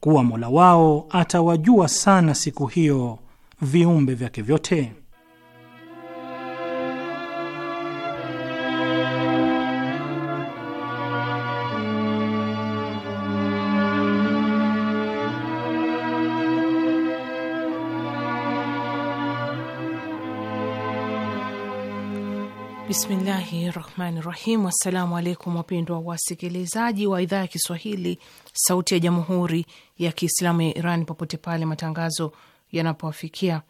kuwa Mola wao atawajua sana siku hiyo viumbe vyake vyote. Bismillahi rahmani rahim. Assalamu alaikum wapendwa wasikilizaji wa idhaa ya Kiswahili sauti ya jamhuri ya Kiislamu ya Iran popote pale matangazo yanapowafikia.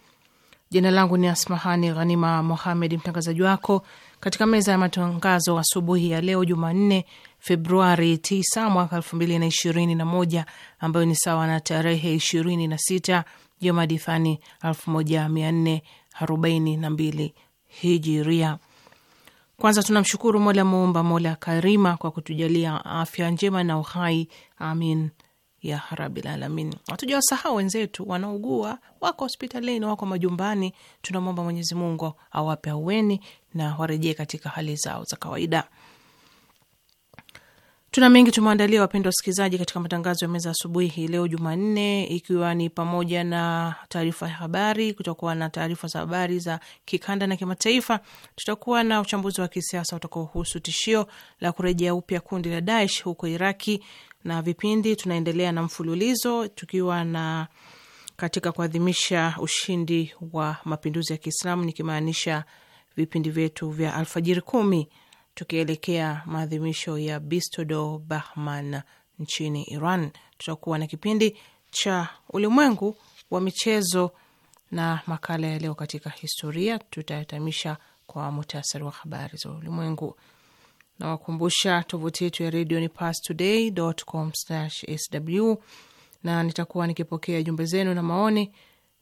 Jina langu ni Asmahani Ghanima Mohamed, mtangazaji wako katika meza ya matangazo asubuhi ya leo Jumanne Februari 9 mwaka ambayo ni sawa na tarehe 26 na sita Jamadithani hijiria. Kwanza tunamshukuru Mola Muumba, Mola Karima, kwa kutujalia afya njema na uhai, amin ya rabil alamin. wasahau wenzetu wanaugua, wako hospitalini, wako majumbani. Tunamwomba Mwenyezi Mungu awape aueni na warejee katika hali zao za kawaida. Tuna mengi tumeandalia wapendwa wasikilizaji, katika matangazo ya meza asubuhi hii leo Jumanne, ikiwa ni pamoja na taarifa ya habari. Kutakuwa na taarifa za habari za kikanda na kimataifa, tutakuwa na uchambuzi wa kisiasa utakaohusu tishio la kurejea upya kundi la Daesh huko Iraki, na vipindi tunaendelea na mfululizo tukiwa na katika kuadhimisha ushindi wa mapinduzi ya Kiislamu, nikimaanisha vipindi vyetu vya alfajiri kumi tukielekea maadhimisho ya Bistodo Bahman nchini Iran. Tutakuwa na kipindi cha ulimwengu wa michezo na makala ya leo katika historia. Tutayatamisha kwa muhtasari wa habari za ulimwengu. Nawakumbusha tovuti yetu ya redio ni pastoday.com/sw, na nitakuwa nikipokea jumbe zenu na maoni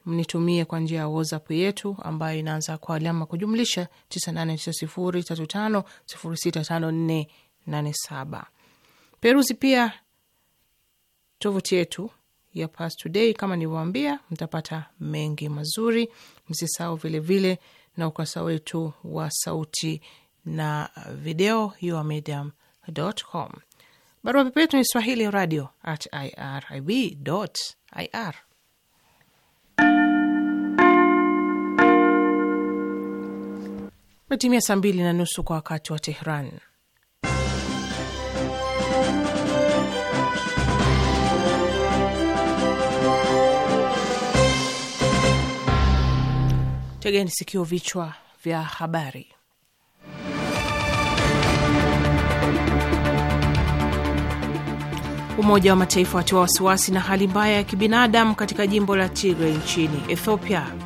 mnitumie kwa njia ya WhatsApp yetu ambayo inaanza kwa alama kujumlisha 989035065487. Peruzi pia tovuti yetu ya Pastoday. Kama nilivyoambia, mtapata mengi mazuri. Msisahau vilevile na ukurasa wetu wa sauti na video yourmedium.com. Barua pepe yetu ni swahili radio at irib.ir. Metimia saa mbili na nusu kwa wakati wa Tehran. Tegeni sikio, vichwa vya habari. Umoja wa Mataifa watoa wasiwasi na hali mbaya ya kibinadamu katika jimbo la tigre nchini Ethiopia.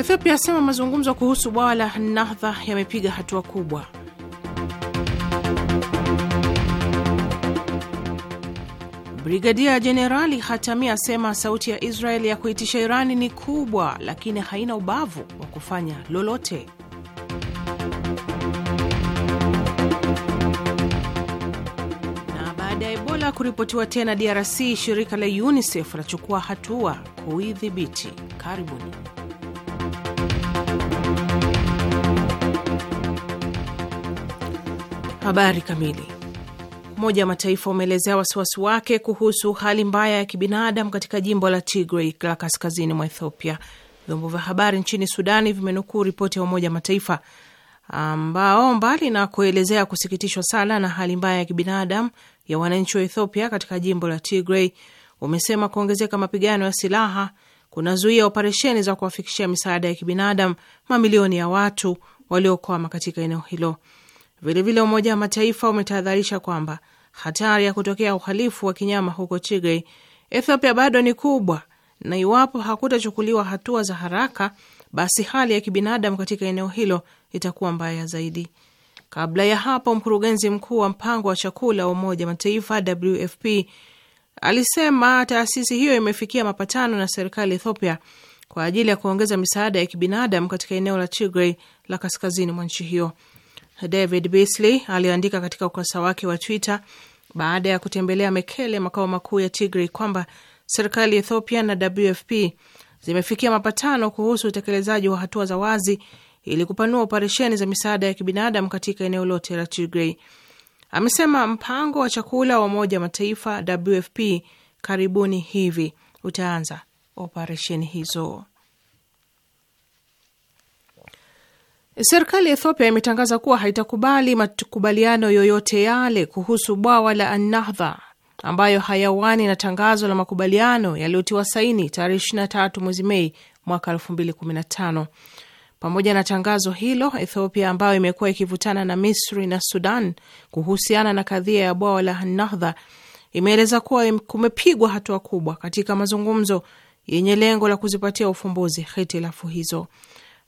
Ethiopia asema mazungumzo kuhusu bwawa la Nahdha yamepiga hatua kubwa. Brigadia Jenerali Hatami asema sauti ya Israeli ya kuitisha Irani ni kubwa, lakini haina ubavu wa kufanya lolote. Na baada ya Ebola kuripotiwa tena DRC, shirika la UNICEF lachukua hatua kuidhibiti. Karibuni. Habari kamili. Umoja wa Mataifa umeelezea wasiwasi wake kuhusu hali mbaya ya kibinadamu katika jimbo la Tigray la kaskazini mwa Ethiopia. Vyombo vya habari nchini Sudani vimenukuu ripoti ya Umoja wa Mataifa ambao mbali na kuelezea kusikitishwa sana na hali mbaya ya kibinadamu ya wananchi wa Ethiopia katika jimbo la Tigray, umesema kuongezeka mapigano ya silaha kunazuia operesheni za kuwafikishia misaada ya kibinadamu mamilioni ya watu waliokwama katika eneo hilo. Vilevile Umoja wa Mataifa umetahadharisha kwamba hatari ya kutokea uhalifu wa kinyama huko Tigray, Ethiopia, bado ni kubwa, na iwapo hakutachukuliwa hatua za haraka, basi hali ya kibinadamu katika eneo hilo itakuwa mbaya zaidi. Kabla ya hapo, mkurugenzi mkuu wa mpango wa chakula wa Umoja Mataifa WFP alisema taasisi hiyo imefikia mapatano na serikali Ethiopia kwa ajili ya kuongeza misaada ya kibinadamu katika eneo la Tigray la kaskazini mwa nchi hiyo. David Beasley aliandika katika ukurasa wake wa Twitter baada ya kutembelea Mekele, makao makuu ya Tigray, kwamba serikali ya Ethiopia na WFP zimefikia mapatano kuhusu utekelezaji wa hatua za wazi ili kupanua operesheni za misaada ya kibinadamu katika eneo lote la Tigray. Amesema mpango wa chakula wa Umoja wa Mataifa WFP karibuni hivi utaanza operesheni hizo. Serikali ya Ethiopia imetangaza kuwa haitakubali makubaliano yoyote yale kuhusu bwawa la Annahdha ambayo hayawani na tangazo la makubaliano yaliyotiwa saini tarehe 23 mwezi Mei mwaka 2015. Pamoja na tangazo hilo, Ethiopia ambayo imekuwa ikivutana na Misri na Sudan kuhusiana na kadhia ya bwawa la Nahdha imeeleza kuwa kumepigwa hatua kubwa katika mazungumzo yenye lengo la kuzipatia ufumbuzi hitilafu hizo.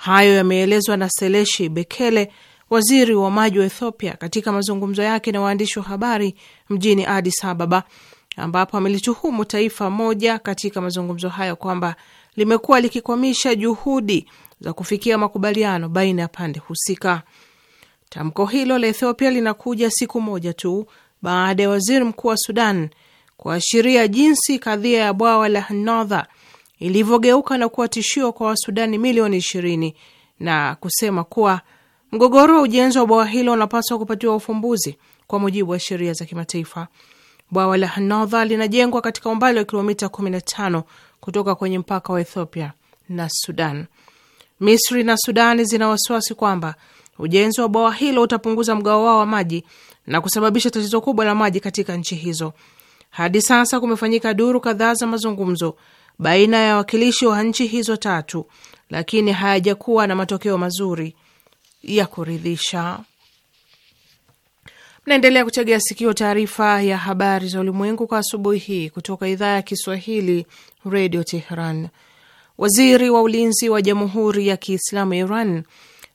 Hayo yameelezwa na Seleshi Bekele, waziri wa maji wa Ethiopia, katika mazungumzo yake na waandishi wa habari mjini Addis Ababa, ambapo amelituhumu taifa moja katika mazungumzo hayo kwamba limekuwa likikwamisha juhudi za kufikia makubaliano baina ya pande husika. Tamko hilo la Ethiopia linakuja siku moja tu baada ya waziri mkuu wa Sudan kuashiria jinsi kadhia ya bwawa la Hnodha ilivyogeuka na kuwa tishio kwa Wasudani milioni ishirini na kusema kuwa mgogoro wa ujenzi wa bwawa hilo unapaswa kupatiwa ufumbuzi kwa mujibu wa sheria za kimataifa. Bwawa la Hanodha linajengwa katika umbali wa kilomita 15 kutoka kwenye mpaka wa Ethiopia na Sudan. Misri na Sudani zina wasiwasi kwamba ujenzi wa bwawa hilo utapunguza mgao wao wa maji na kusababisha tatizo kubwa la maji katika nchi hizo. Hadi sasa kumefanyika duru kadhaa za mazungumzo baina ya wawakilishi wa nchi hizo tatu, lakini hayajakuwa na matokeo mazuri ya kuridhisha. Mnaendelea kutegea sikio taarifa ya habari za ulimwengu kwa asubuhi hii kutoka idhaa ya Kiswahili, Radio Tehran. Waziri wa ulinzi wa Jamhuri ya Kiislamu Iran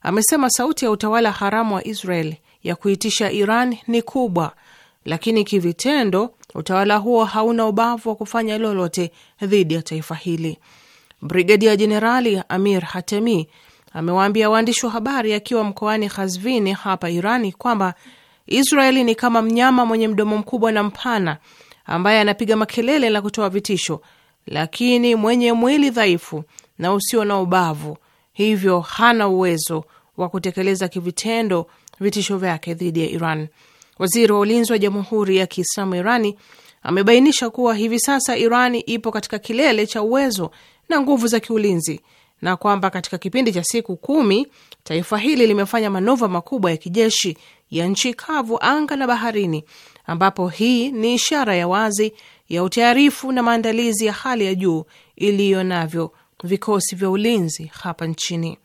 amesema sauti ya utawala haramu wa Israel ya kuitisha Iran ni kubwa, lakini kivitendo utawala huo hauna ubavu wa kufanya lolote dhidi ya taifa hili. Brigedia Jenerali Amir Hatemi amewaambia waandishi wa habari akiwa mkoani Khazvini hapa Irani kwamba Israeli ni kama mnyama mwenye mdomo mkubwa na mpana ambaye anapiga makelele na kutoa vitisho, lakini mwenye mwili dhaifu na usio na ubavu, hivyo hana uwezo wa kutekeleza kivitendo vitisho vyake dhidi ya Iran. Waziri wa ulinzi wa Jamhuri ya Kiislamu Irani amebainisha kuwa hivi sasa Irani ipo katika kilele cha uwezo na nguvu za kiulinzi na kwamba katika kipindi cha siku kumi taifa hili limefanya manuva makubwa ya kijeshi ya nchi kavu, anga na baharini, ambapo hii ni ishara ya wazi ya utayarifu na maandalizi ya hali ya juu iliyo navyo vikosi vya ulinzi hapa nchini.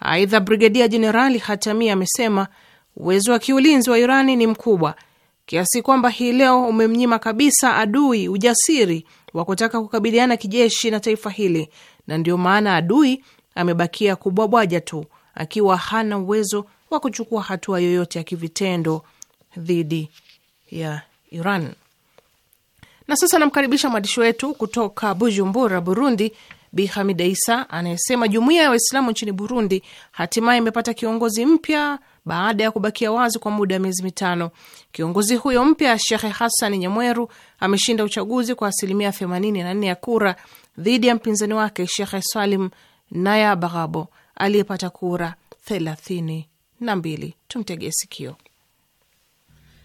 Aidha, Brigedia Jenerali Hatami amesema Uwezo wa kiulinzi wa Irani ni mkubwa kiasi kwamba hii leo umemnyima kabisa adui ujasiri wa kutaka kukabiliana kijeshi na taifa hili, na ndio maana adui amebakia kubwabwaja tu akiwa hana uwezo wa kuchukua hatua yoyote ya kivitendo dhidi ya Iran. Na sasa namkaribisha mwandishi wetu kutoka Bujumbura, Burundi, Bi Hamida Isa anayesema jumuiya ya Waislamu nchini Burundi hatimaye imepata kiongozi mpya baada ya kubakia wazi kwa muda wa miezi mitano. Kiongozi huyo mpya Shekhe Hassan Nyamweru ameshinda uchaguzi kwa asilimia 84 ya kura dhidi ya mpinzani wake Shekhe Salim Naya Bagabo aliyepata kura 32. Tumtegee sikio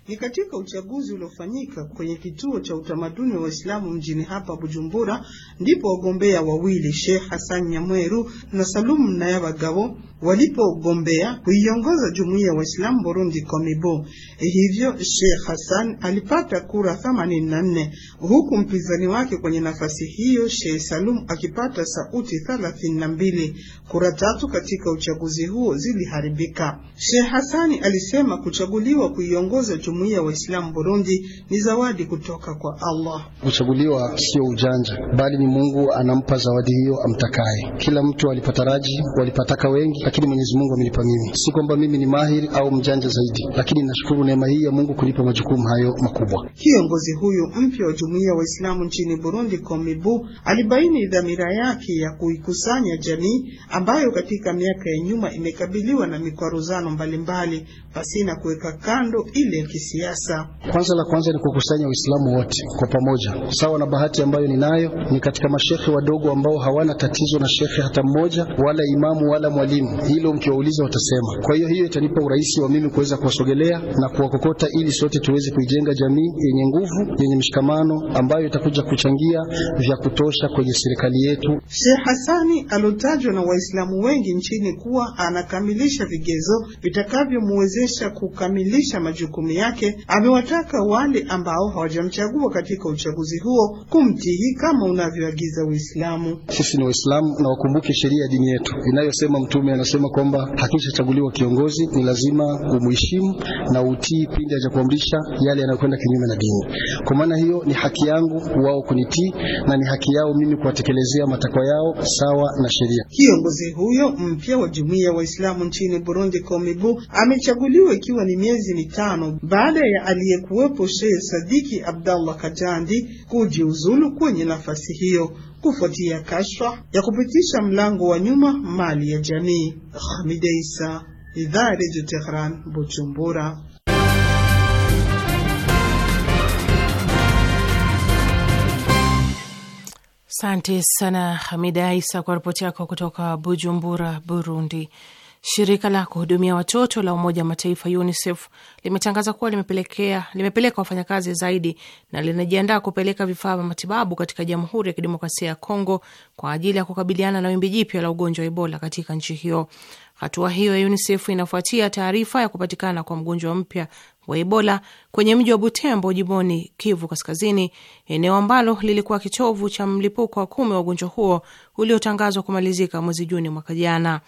ni katika uchaguzi uliofanyika kwenye kituo cha utamaduni wa Waislamu mjini hapa Bujumbura, ndipo wagombea wawili Sheikh Hassan Nyamweru na salum Nayabagabo walipogombea kuiongoza jumuiya ya Waislamu Burundi Komibo. Eh, hivyo Sheikh Hassan alipata kura 84 huku mpinzani wake kwenye nafasi hiyo Sheikh Salum akipata sauti 32 kura tatu katika uchaguzi huo ziliharibika. Sheikh hasani alisema kuchaguliwa kuiongoza jumuiya Waislamu Burundi ni zawadi kutoka kwa Allah. Kuchaguliwa sio ujanja, bali ni Mungu anampa zawadi hiyo amtakaye. Kila mtu alipataraji, walipataka wengi, lakini Mwenyezi Mungu amenipa mimi. Si kwamba mimi ni mahiri au mjanja zaidi, lakini nashukuru neema hii ya Mungu kunipa majukumu hayo makubwa. Kiongozi huyu mpya wa jumuiya Waislamu nchini Burundi, Komibu, alibaini dhamira yake ya kuikusanya jamii ambayo katika miaka ya nyuma imekabiliwa na mikwaruzano mbalimbali pasina kuweka kando ile ya kisiasa. Kwanza la kwanza ni kukusanya Waislamu wote kwa pamoja, sawa na bahati ambayo ninayo ni katika mashekhe wadogo ambao hawana tatizo na shekhe hata mmoja, wala imamu wala mwalimu. Hilo mkiwauliza watasema. Kwa hiyo hiyo itanipa urahisi wa mimi kuweza kuwasogelea na kuwakokota, ili sote tuweze kuijenga jamii yenye nguvu, yenye mshikamano, ambayo itakuja kuchangia vya kutosha kwenye serikali yetu. Sheikh Hassani alotajwa na Waislamu wengi nchini kuwa anakamilisha vigezo vitakavyomwezesha kukamilisha majukumu yake, amewataka wale ambao hawajamchagua katika uchaguzi huo kumtii kama unavyoagiza Uislamu. Sisi ni Waislamu na wakumbuke sheria ya dini yetu inayosema, Mtume anasema kwamba hakishachaguliwa kiongozi ni lazima umuheshimu na utii pindi hajakuamrisha yale yanayokwenda kinyume na dini. Kwa maana hiyo, ni haki yangu wao kunitii na ni haki yao mimi kuwatekelezea matakwa yao sawa na sheria. Kiongozi Kiongozi huyo mpya wa jumuiya ya Waislamu nchini Burundi Komibu amechaguliwa ikiwa ni miezi mitano baada ya aliyekuwepo Sheikh Sadiki Abdallah Kajandi kujiuzulu kwenye nafasi hiyo kufuatia kashfa ya kupitisha mlango wa nyuma mali ya jamii. Hamida Isa, Idhaa ya Redio Tehran, Bujumbura. Asante sana Hamida Isa kwa ripoti yako kutoka Bujumbura, Burundi. Shirika la kuhudumia watoto la Umoja wa Mataifa UNICEF limetangaza kuwa limepelekea limepeleka wafanyakazi zaidi na linajiandaa kupeleka vifaa vya matibabu katika Jamhuri ya Kidemokrasia ya Kongo kwa ajili ya kukabiliana na wimbi jipya la ugonjwa wa Ebola katika nchi hiyo. Hatua hiyo ya UNICEF inafuatia taarifa ya kupatikana kwa mgonjwa mpya wa Ebola kwenye mji wa Butembo, jimboni Kivu Kaskazini, eneo ambalo lilikuwa kitovu cha mlipuko wa kumi wa ugonjwa huo uliotangazwa kumalizika mwezi Juni mwaka jana.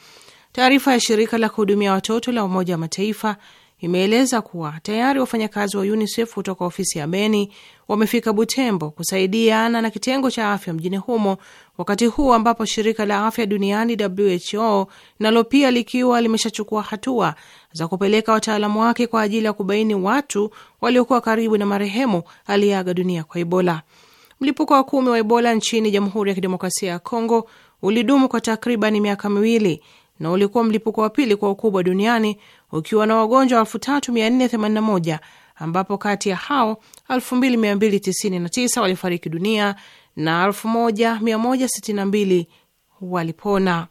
Taarifa ya shirika la kuhudumia watoto la Umoja wa Mataifa imeeleza kuwa tayari wafanyakazi wa UNICEF kutoka ofisi ya Beni wamefika Butembo kusaidiana na kitengo cha afya mjini humo, wakati huu ambapo shirika la afya duniani WHO nalo pia likiwa limeshachukua hatua za kupeleka wataalamu wake kwa ajili ya kubaini watu waliokuwa karibu na marehemu aliyeaga dunia kwa Ebola. Mlipuko wa kumi wa Ebola nchini Jamhuri ya Kidemokrasia ya Kongo ulidumu kwa takriban miaka miwili na ulikuwa mlipuko wa pili kwa ukubwa duniani ukiwa na wagonjwa 3481 ambapo kati ya hao 2299 walifariki dunia na 1162 walipona.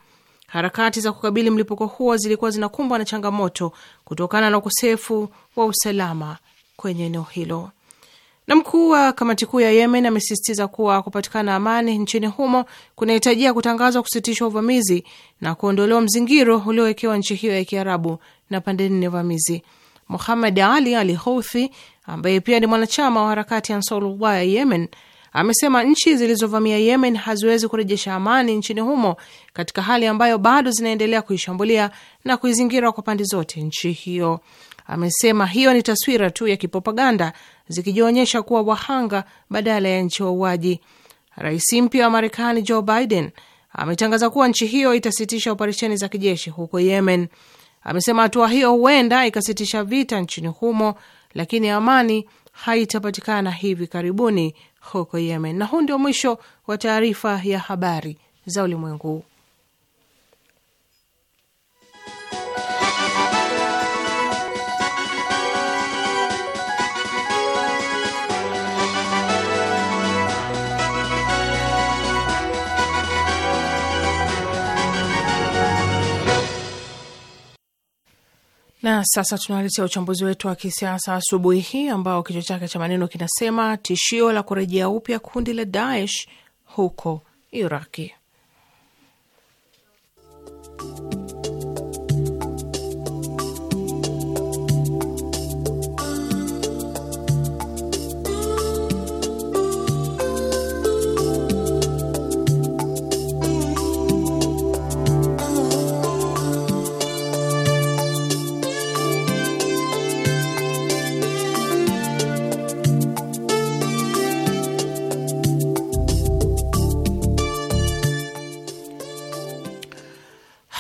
Harakati za kukabili mlipuko huo zilikuwa zinakumbwa na changamoto kutokana na ukosefu wa usalama kwenye eneo hilo. Na mkuu wa kamati kuu ya Yemen amesisitiza kuwa kupatikana amani nchini humo kunahitajia kutangazwa kusitishwa uvamizi na kuondolewa mzingiro uliowekewa nchi hiyo ya kiarabu na pande nne vamizi. Muhammad Ali ali Houthi ambaye pia ni mwanachama wa harakati ya Ansarullah ya Yemen amesema nchi zilizovamia Yemen haziwezi kurejesha amani nchini humo katika hali ambayo bado zinaendelea kuishambulia na kuizingira kwa pande zote nchi hiyo. Amesema hiyo ni taswira tu ya kipropaganda zikijionyesha kuwa wahanga badala ya nchi wauaji. Rais mpya wa Marekani Joe Biden ametangaza kuwa nchi hiyo itasitisha operesheni za kijeshi huko Yemen. Amesema hatua hiyo huenda ikasitisha vita nchini humo, lakini amani haitapatikana hivi karibuni huko Yemen. Na huu ndio mwisho wa taarifa ya habari za ulimwengu. Na sasa tunaletea uchambuzi wetu wa kisiasa asubuhi hii ambao kichwa chake cha maneno kinasema tishio la kurejea upya kundi la Daesh huko Iraki.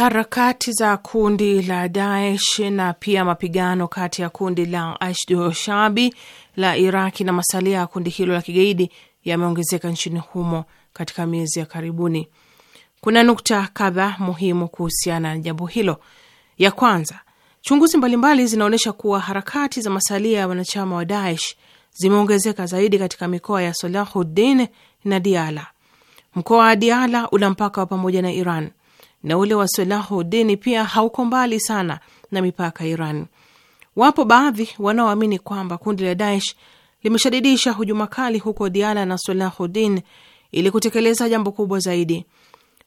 harakati za kundi la Daesh na pia mapigano kati ya kundi la Ashdoshabi la Iraki na masalia ya kundi hilo la kigaidi yameongezeka nchini humo katika miezi ya karibuni. Kuna nukta kadha muhimu kuhusiana na jambo hilo. Ya kwanza, chunguzi mbalimbali zinaonyesha kuwa harakati za masalia ya wanachama wa Daesh zimeongezeka zaidi katika mikoa ya Salahuddin na Diala. Mkoa wa Diala una mpaka wa pamoja na Iran na ule wa Salahudini pia hauko mbali sana na mipaka ya Iran. Wapo baadhi wanaoamini kwamba kundi la Daesh limeshadidisha hujuma kali huko Diala na Salahudin ili kutekeleza jambo kubwa zaidi.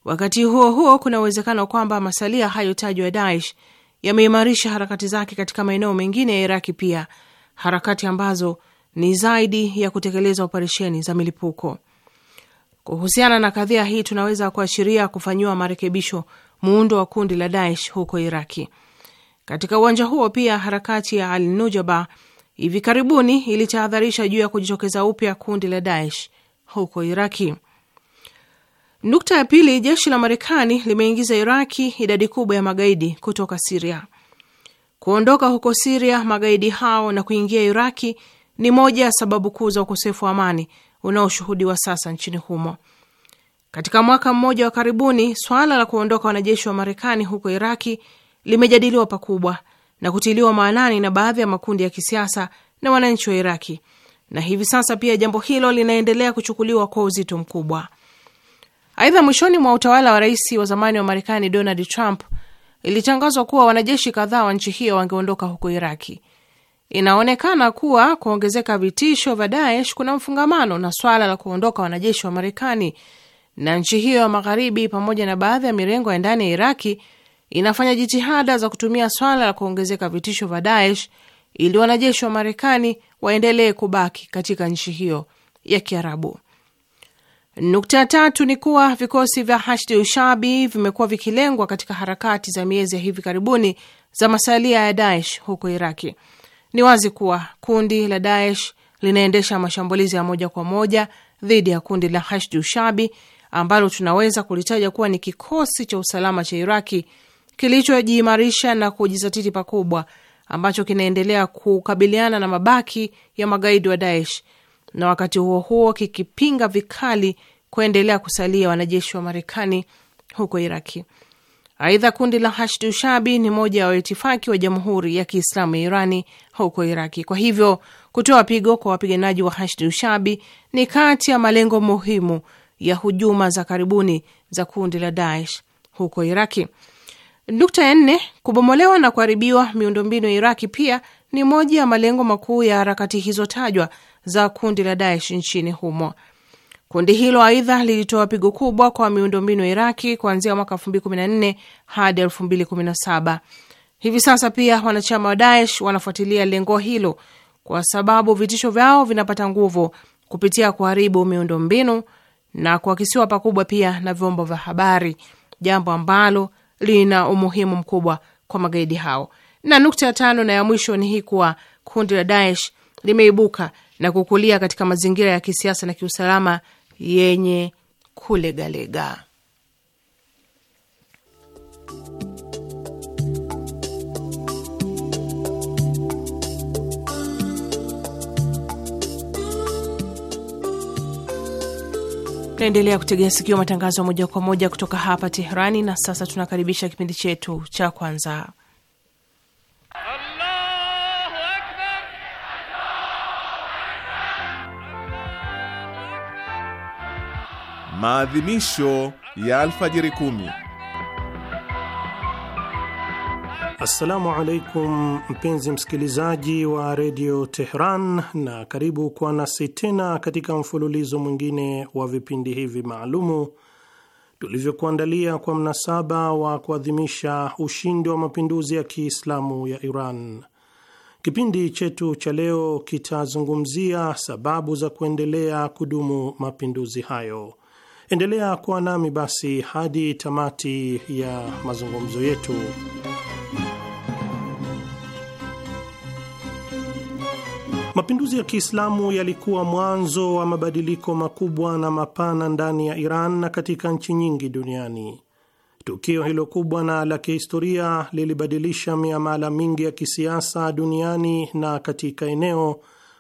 Wakati huo huo, kuna uwezekano kwamba masalia hayo ya Daesh yameimarisha harakati zake katika maeneo mengine ya Iraki pia, harakati ambazo ni zaidi ya kutekeleza operesheni za milipuko. Kuhusiana na kadhia hii, tunaweza kuashiria kufanyiwa marekebisho muundo wa kundi la Daesh huko Iraki. Katika uwanja huo pia, harakati ya Al Nujaba hivi karibuni ilitahadharisha juu ya kujitokeza upya kundi la Daesh huko Iraki. Nukta ya pili, jeshi la Marekani limeingiza Iraki idadi kubwa ya magaidi kutoka Siria. Kuondoka huko Siria magaidi hao na kuingia Iraki ni moja ya sababu kuu za ukosefu wa amani unaoshuhudiwa sasa nchini humo. Katika mwaka mmoja wa karibuni, swala la kuondoka wanajeshi wa Marekani huko Iraki limejadiliwa pakubwa na kutiliwa maanani na baadhi ya makundi ya kisiasa na wananchi wa Iraki, na hivi sasa pia jambo hilo linaendelea kuchukuliwa kwa uzito mkubwa. Aidha, mwishoni mwa utawala wa rais wa zamani wa Marekani Donald Trump ilitangazwa kuwa wanajeshi kadhaa wa nchi hiyo wangeondoka huko Iraki. Inaonekana kuwa kuongezeka vitisho vya Daesh kuna mfungamano na swala la kuondoka wanajeshi wa Marekani, na nchi hiyo ya magharibi pamoja na baadhi ya mirengo ya ndani ya Iraki inafanya jitihada za kutumia swala la kuongezeka vitisho vya Daesh ili wanajeshi wa Marekani waendelee kubaki katika nchi hiyo ya Kiarabu. Nukta ya tatu ni kuwa vikosi vya Hashdi Ushabi vimekuwa vikilengwa katika harakati za miezi ya hivi karibuni za masalia ya Daesh huko Iraki. Ni wazi kuwa kundi la Daesh linaendesha mashambulizi ya moja kwa moja dhidi ya kundi la Hashdu Shabi ambalo tunaweza kulitaja kuwa ni kikosi cha usalama cha Iraki kilichojiimarisha na kujizatiti pakubwa ambacho kinaendelea kukabiliana na mabaki ya magaidi wa Daesh na wakati huo huo kikipinga vikali kuendelea kusalia wanajeshi wa Marekani huko Iraki. Aidha, kundi la Hashdu Shabi ni moja ya waitifaki wa jamhuri ya Kiislamu ya Irani huko Iraki. Kwa hivyo kutoa pigo kwa wapiganaji wa Hashdu Shabi ni kati ya malengo muhimu ya hujuma za karibuni za kundi la Daesh huko Iraki. Nukta ya nne, kubomolewa na kuharibiwa miundombinu ya Iraki pia ni moja ya malengo makuu ya harakati hizo tajwa za kundi la Daesh nchini humo. Kundi hilo aidha lilitoa pigo kubwa kwa miundombinu ya Iraki kuanzia mwaka 2014 hadi 2017. Hivi sasa pia wanachama wa Daesh wanafuatilia lengo hilo kwa sababu vitisho vyao vinapata nguvu kupitia kuharibu miundombinu na kuakisiwa pakubwa pia na vyombo vya habari, jambo ambalo lina umuhimu mkubwa kwa magaidi hao. Na nukta ya tano na ya mwisho ni hii kuwa kundi la Daesh limeibuka na kukulia katika mazingira ya kisiasa na kiusalama yenye kulegalega. Naendelea kutegea sikio matangazo ya moja kwa moja kutoka hapa Teherani. Na sasa tunakaribisha kipindi chetu cha kwanza maadhimisho ya alfajiri kumi. Assalamu alaikum mpenzi msikilizaji wa redio Tehran, na karibu kwa nasi tena katika mfululizo mwingine wa vipindi hivi maalumu tulivyokuandalia kwa mnasaba wa kuadhimisha ushindi wa mapinduzi ya Kiislamu ya Iran. Kipindi chetu cha leo kitazungumzia sababu za kuendelea kudumu mapinduzi hayo. Endelea kuwa nami basi hadi tamati ya mazungumzo yetu. Mapinduzi ya Kiislamu yalikuwa mwanzo wa mabadiliko makubwa na mapana ndani ya Iran na katika nchi nyingi duniani. Tukio hilo kubwa na la kihistoria lilibadilisha miamala mingi ya kisiasa duniani na katika eneo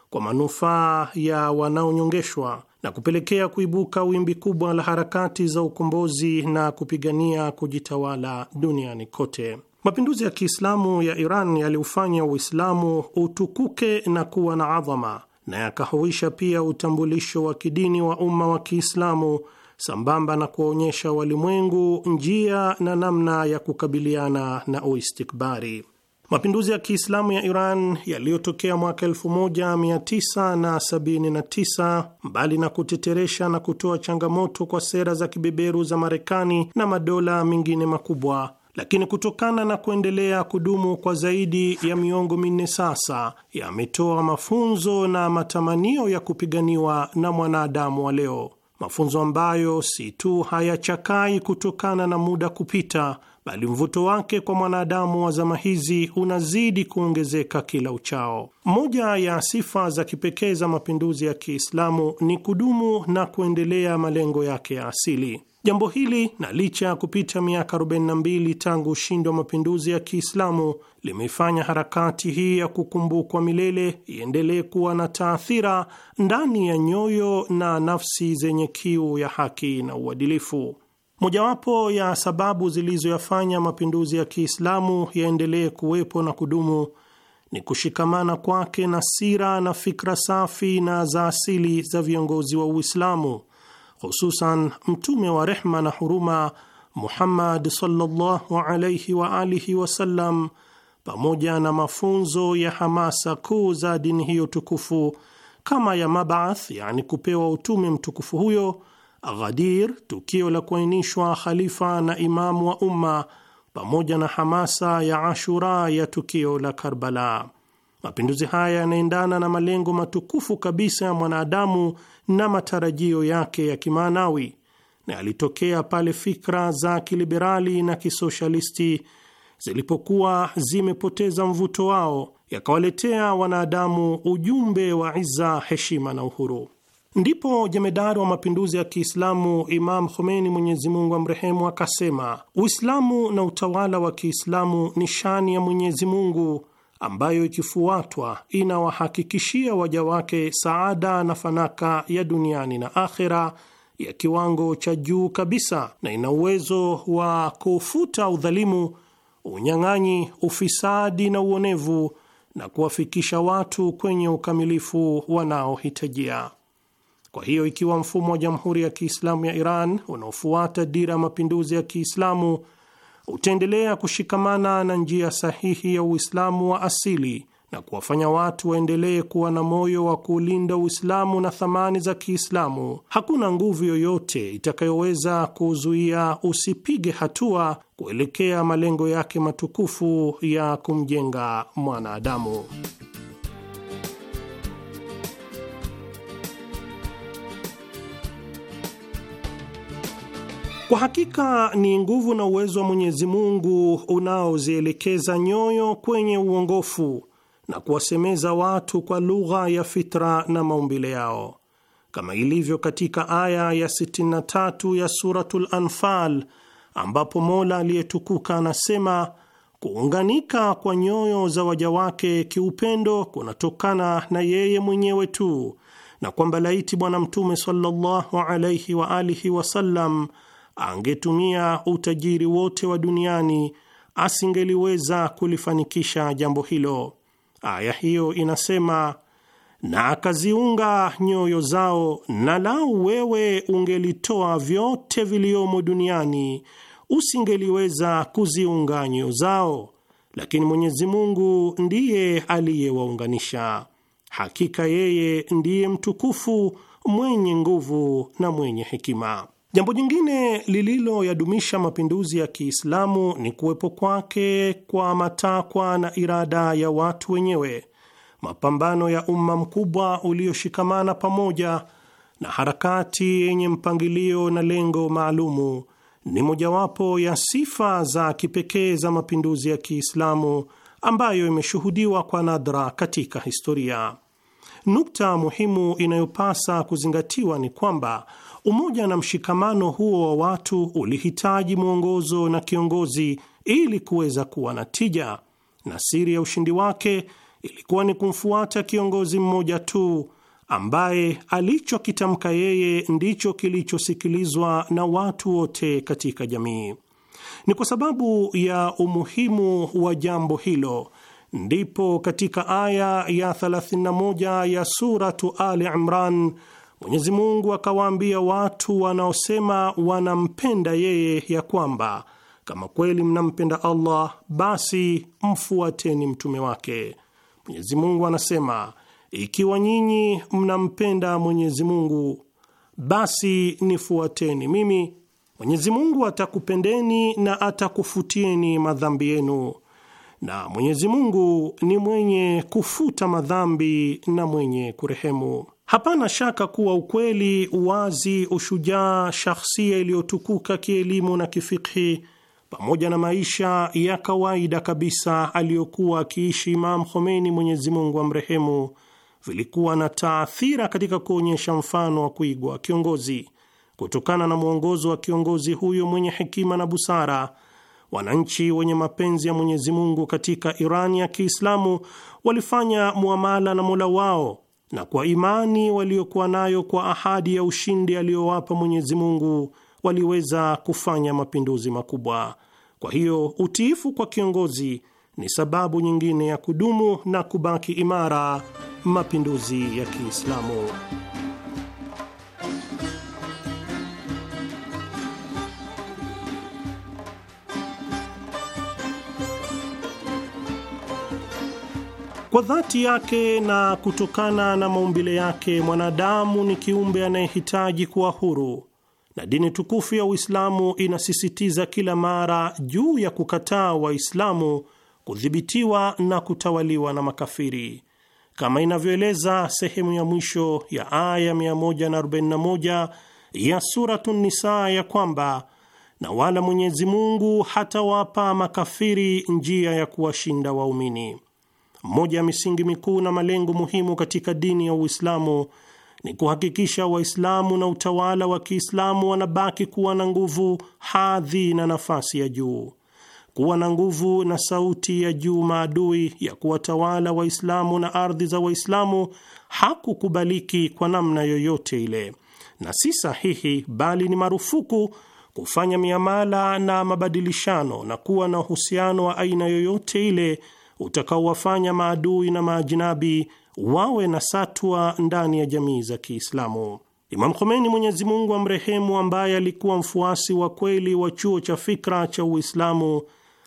kwa manufaa ya wanaonyongeshwa na kupelekea kuibuka wimbi kubwa la harakati za ukombozi na kupigania kujitawala duniani kote. Mapinduzi ya Kiislamu ya Iran yaliufanya Uislamu utukuke na kuwa na adhama na yakahuisha pia utambulisho wa kidini wa umma wa Kiislamu sambamba na kuwaonyesha walimwengu njia na namna ya kukabiliana na uistikbari. Mapinduzi ya Kiislamu ya Iran yaliyotokea mwaka 1979 mbali na kuteteresha na kutoa changamoto kwa sera za kibeberu za Marekani na madola mengine makubwa, lakini kutokana na kuendelea kudumu kwa zaidi ya miongo minne sasa, yametoa mafunzo na matamanio ya kupiganiwa na mwanadamu wa leo, mafunzo ambayo si tu hayachakai kutokana na muda kupita bali mvuto wake kwa mwanadamu wa zama hizi unazidi kuongezeka kila uchao. Moja ya sifa za kipekee za mapinduzi ya Kiislamu ni kudumu na kuendelea malengo yake ya asili. Jambo hili na licha ya kupita miaka 42 tangu ushindi wa mapinduzi ya Kiislamu limeifanya harakati hii ya kukumbukwa milele iendelee kuwa na taathira ndani ya nyoyo na nafsi zenye kiu ya haki na uadilifu. Mojawapo ya sababu zilizoyafanya mapinduzi ya Kiislamu yaendelee kuwepo na kudumu ni kushikamana kwake na sira na fikra safi na za asili za viongozi wa Uislamu, hususan mtume wa rehma na huruma Muhammad sallallahu alayhi wa alihi wasallam, pamoja na mafunzo ya hamasa kuu za dini hiyo tukufu kama ya mabaath, yani kupewa utume mtukufu huyo Ghadir, tukio la kuainishwa khalifa na imamu wa umma, pamoja na hamasa ya Ashura ya tukio la Karbala. Mapinduzi haya yanaendana na malengo matukufu kabisa ya mwanadamu na matarajio yake ya kimaanawi, na yalitokea pale fikra za kiliberali na kisoshalisti zilipokuwa zimepoteza mvuto wao, yakawaletea wanadamu ujumbe wa iza, heshima na uhuru. Ndipo jemedari wa mapinduzi ya Kiislamu Imam Khomeini, Mwenyezi Mungu amrehemu, akasema Uislamu na utawala wa Kiislamu ni shani ya Mwenyezi Mungu ambayo ikifuatwa inawahakikishia waja wake saada na fanaka ya duniani na akhera ya kiwango cha juu kabisa, na ina uwezo wa kufuta udhalimu, unyang'anyi, ufisadi na uonevu na kuwafikisha watu kwenye ukamilifu wanaohitajia. Kwa hiyo ikiwa mfumo wa Jamhuri ya Kiislamu ya Iran unaofuata dira ya mapinduzi ya Kiislamu utaendelea kushikamana na njia sahihi ya Uislamu wa asili na kuwafanya watu waendelee kuwa na moyo wa kuulinda Uislamu na thamani za Kiislamu, hakuna nguvu yoyote itakayoweza kuzuia usipige hatua kuelekea malengo yake matukufu ya kumjenga mwanadamu. Kwa hakika ni nguvu na uwezo wa Mwenyezi Mungu unaozielekeza nyoyo kwenye uongofu na kuwasemeza watu kwa lugha ya fitra na maumbile yao, kama ilivyo katika aya ya 63 ya Suratul Anfal ambapo Mola aliyetukuka anasema kuunganika kwa nyoyo za waja wake kiupendo kunatokana na yeye mwenyewe tu, na kwamba laiti Bwana Mtume sallallahu alaihi wa alihi wasallam angetumia utajiri wote wa duniani asingeliweza kulifanikisha jambo hilo. Aya hiyo inasema, na akaziunga nyoyo zao, na lau wewe ungelitoa vyote viliyomo duniani usingeliweza kuziunga nyoyo zao, lakini Mwenyezi Mungu ndiye aliyewaunganisha. Hakika yeye ndiye mtukufu mwenye nguvu na mwenye hekima. Jambo jingine lililoyadumisha mapinduzi ya Kiislamu ni kuwepo kwake kwa matakwa na irada ya watu wenyewe, mapambano ya umma mkubwa ulioshikamana pamoja na harakati yenye mpangilio na lengo maalumu ni mojawapo ya sifa za kipekee za mapinduzi ya Kiislamu ambayo imeshuhudiwa kwa nadra katika historia. Nukta muhimu inayopasa kuzingatiwa ni kwamba Umoja na mshikamano huo wa watu ulihitaji mwongozo na kiongozi ili kuweza kuwa na tija, na siri ya ushindi wake ilikuwa ni kumfuata kiongozi mmoja tu ambaye alichokitamka yeye ndicho kilichosikilizwa na watu wote katika jamii. Ni kwa sababu ya umuhimu wa jambo hilo ndipo katika aya ya 31 ya Suratu Ali Imran Mwenyezi Mungu akawaambia watu wanaosema wanampenda yeye ya kwamba kama kweli mnampenda Allah basi mfuateni mtume wake. Mwenyezi Mungu anasema ikiwa nyinyi mnampenda Mwenyezi Mungu basi nifuateni mimi, Mwenyezi Mungu atakupendeni na atakufutieni madhambi yenu, na Mwenyezi Mungu ni mwenye kufuta madhambi na mwenye kurehemu. Hapana shaka kuwa ukweli, uwazi, ushujaa, shahsia iliyotukuka kielimu na kifikhi, pamoja na maisha ya kawaida kabisa aliyokuwa akiishi Imam Khomeini, Mwenyezi Mungu amrehemu, vilikuwa na taathira katika kuonyesha mfano wa kuigwa kiongozi. Kutokana na mwongozo wa kiongozi huyo mwenye hekima na busara, wananchi wenye mapenzi ya Mwenyezi Mungu katika Irani ya Kiislamu walifanya muamala na Mola wao na kwa imani waliokuwa nayo kwa ahadi ya ushindi aliyowapa Mwenyezi Mungu waliweza kufanya mapinduzi makubwa. Kwa hiyo utiifu kwa kiongozi ni sababu nyingine ya kudumu na kubaki imara mapinduzi ya Kiislamu. Kwa dhati yake na kutokana na maumbile yake, mwanadamu ni kiumbe anayehitaji kuwa huru, na dini tukufu ya Uislamu inasisitiza kila mara juu ya kukataa Waislamu kudhibitiwa na kutawaliwa na makafiri, kama inavyoeleza sehemu ya mwisho ya aya 141 ya Suratu Nisaa ya kwamba na wala Mwenyezi Mungu hatawapa makafiri njia ya kuwashinda waumini. Moja ya misingi mikuu na malengo muhimu katika dini ya Uislamu ni kuhakikisha Waislamu na utawala wa Kiislamu wanabaki kuwa na nguvu, hadhi na nafasi ya juu, kuwa na nguvu na sauti ya juu. Maadui ya kuwatawala Waislamu na ardhi za Waislamu hakukubaliki kwa namna yoyote ile, na si sahihi bali ni marufuku kufanya miamala na mabadilishano na kuwa na uhusiano wa aina yoyote ile utakaowafanya maadui na maajinabi wawe na satwa ndani ya jamii za Kiislamu. Imam Khomeini, Mwenyezi Mungu amrehemu, ambaye alikuwa mfuasi wa kweli wa chuo cha fikra cha Uislamu,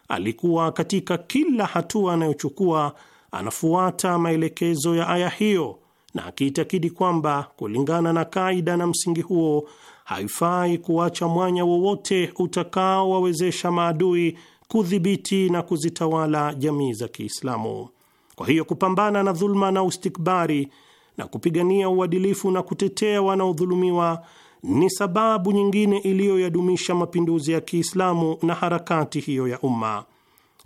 alikuwa katika kila hatua anayochukua anafuata maelekezo ya aya hiyo na akiitakidi kwamba kulingana na kaida na msingi huo haifai kuacha mwanya wowote utakaowawezesha maadui kudhibiti na kuzitawala jamii za Kiislamu. Kwa hiyo kupambana na dhuluma na ustikbari na kupigania uadilifu na kutetea wanaodhulumiwa ni sababu nyingine iliyoyadumisha mapinduzi ya Kiislamu na harakati hiyo ya umma.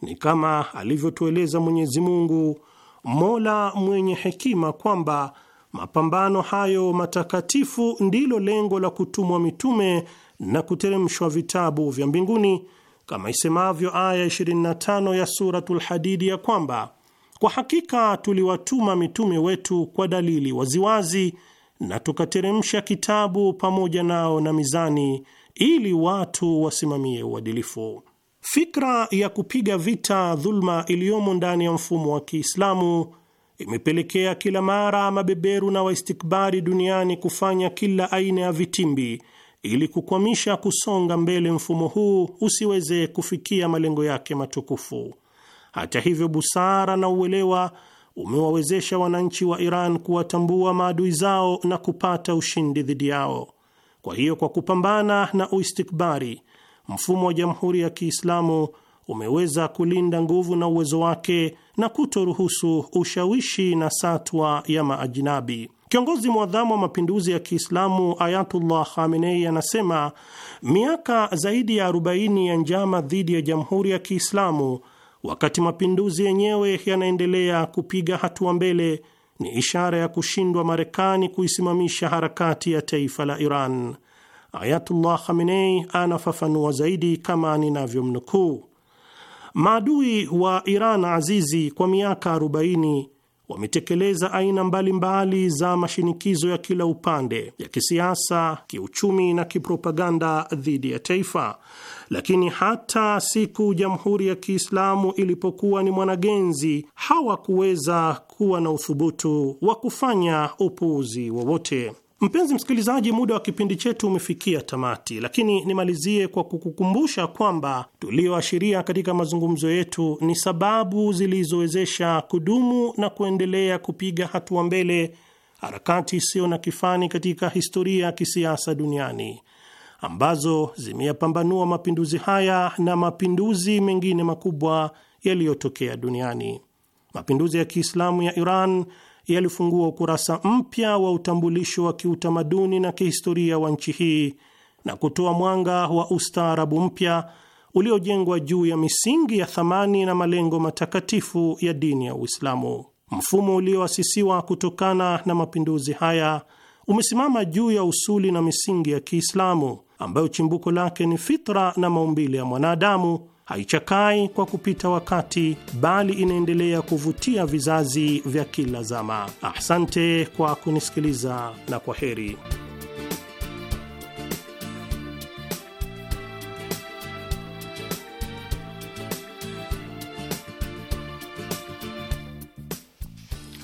Ni kama alivyotueleza Mwenyezi Mungu Mola mwenye hekima kwamba mapambano hayo matakatifu ndilo lengo la kutumwa mitume na kuteremshwa vitabu vya mbinguni kama isemavyo aya 25 ya Suratul Hadidi ya kwamba kwa hakika tuliwatuma mitume wetu kwa dalili waziwazi na tukateremsha kitabu pamoja nao na mizani ili watu wasimamie uadilifu. Fikra ya kupiga vita dhulma iliyomo ndani ya mfumo wa Kiislamu imepelekea kila mara mabeberu na waistikbari duniani kufanya kila aina ya vitimbi ili kukwamisha kusonga mbele mfumo huu usiweze kufikia malengo yake matukufu. Hata hivyo, busara na uelewa umewawezesha wananchi wa Iran kuwatambua maadui zao na kupata ushindi dhidi yao. Kwa hiyo, kwa kupambana na uistikbari, mfumo wa Jamhuri ya Kiislamu umeweza kulinda nguvu na uwezo wake na kutoruhusu ushawishi na satwa ya maajinabi. Kiongozi mwadhamu wa mapinduzi ya Kiislamu Ayatullah Khamenei anasema miaka zaidi ya 40 ya njama dhidi ya jamhuri ya Kiislamu, wakati mapinduzi yenyewe yanaendelea kupiga hatua mbele, ni ishara ya kushindwa Marekani kuisimamisha harakati ya taifa la Iran. Ayatullah Khamenei anafafanua zaidi kama ninavyomnukuu: maadui wa Iran azizi kwa miaka wametekeleza aina mbalimbali mbali za mashinikizo ya kila upande ya kisiasa, kiuchumi na kipropaganda dhidi ya taifa. Lakini hata siku Jamhuri ya Kiislamu ilipokuwa ni mwanagenzi, hawakuweza kuwa na uthubutu wa kufanya upuuzi wowote. Mpenzi msikilizaji, muda wa kipindi chetu umefikia tamati, lakini nimalizie kwa kukukumbusha kwamba tulioashiria katika mazungumzo yetu ni sababu zilizowezesha kudumu na kuendelea kupiga hatua mbele harakati isiyo na kifani katika historia ya kisiasa duniani ambazo zimeyapambanua mapinduzi haya na mapinduzi mengine makubwa yaliyotokea duniani. Mapinduzi ya Kiislamu ya Iran yalifungua ukurasa mpya wa utambulisho wa kiutamaduni na kihistoria wa nchi hii na kutoa mwanga wa ustaarabu mpya uliojengwa juu ya misingi ya thamani na malengo matakatifu ya dini ya Uislamu. Mfumo ulioasisiwa kutokana na mapinduzi haya umesimama juu ya usuli na misingi ya Kiislamu ambayo chimbuko lake ni fitra na maumbile ya mwanadamu haichakai kwa kupita wakati, bali inaendelea kuvutia vizazi vya kila zama. Asante kwa kunisikiliza na kwa heri.